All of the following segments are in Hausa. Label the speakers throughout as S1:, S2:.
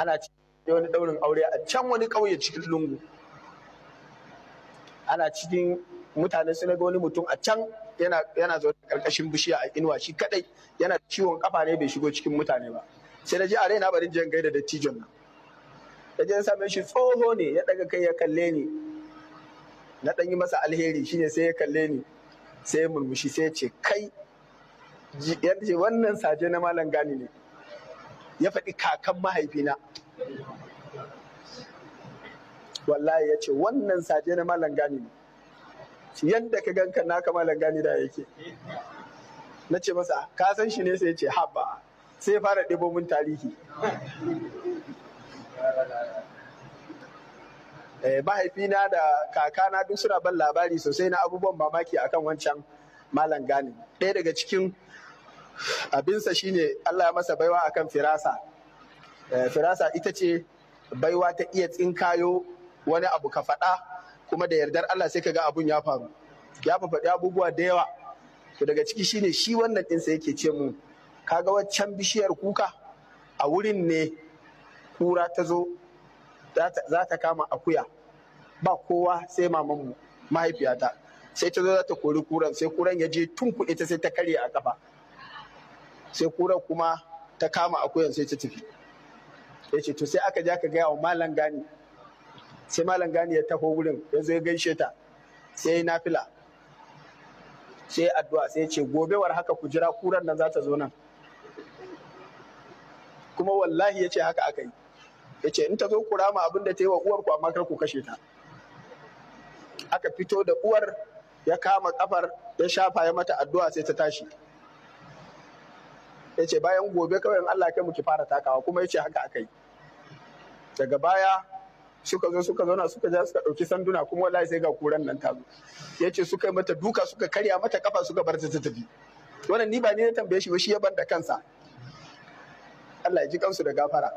S1: ana cikin wani daurin aure a can wani ƙauye cikin lungu ana cikin mutane sun ga wani mutum a can yana yana zaune karkashin bishiya a inuwa shi kadai yana ciwon kafa ne bai shigo cikin mutane ba sai na je a raina barin yan gaida da tijon nan da jan same shi tsoho ne ya daga kai ya kalle ni na dan yi masa alheri shine sai ya kalle ni sai ya murmushi sai ya ce kai yadda ce wannan saje na malam gani ne ya faɗi kakan mahaifina wallahi ya ce wannan saje na malam gani ne yadda ka ganka naka malam gani da yake na ce masa ka san shi ne sai ce haba sai fara ɗebo mun tarihi eh, mahaifina da kakana duk suna ban labari sosai na abubuwan mamaki akan wancan malam gani ɗaya daga cikin abinsa shine Allah ya masa baiwa akan firasa eh, firasa ita ce baiwa ta iya tsinkayo wani abu ka faɗa kuma da yardar Allah sai ka ga abun ya faru ya faɗi abubuwa da yawa to daga ciki shine shi wannan ɗinsa yake ce mu kaga waccan bishiyar kuka a wurin ne kura ta zo za ta kama akuya ba kowa sai mamanmu mahaifiyata sai ta zo za ta kori kuran sai kuran ya je tun kuɗe ta sai ta karya a kafa sai kura kuma ta kama akuyan sai ta tafi ya ce to sai aka ja ka gaya wa malam gani sai malam gani ya taho wurin ya zo gaishe ta sai ya nafila sai addu'a sai ya ce gobewar haka ku jira kuran nan za ta zo nan kuma wallahi ya ce haka aka yi ya ce in ta zo kura ma abin da ta yi wa uwar ku amma kar ku kashe ta aka fito da uwar ya kama kafar ya shafa ya mata addu'a sai ta tashi ya ce bayan gobe kawai in Allah kai mu ki fara takawa kuma ya ce haka aka yi daga baya suka zo suka zauna suka ja suka ɗauki sanduna kuma wallahi sai ga kuran nan ta zo ya ce suka yi mata duka suka karya mata kafa suka bar ta ta tafi wannan ni ba ni na tambaye shi ba shi ya ban da kansa Allah ya ji kansu da gafara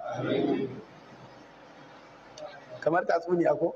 S1: kamar tatsuniya ko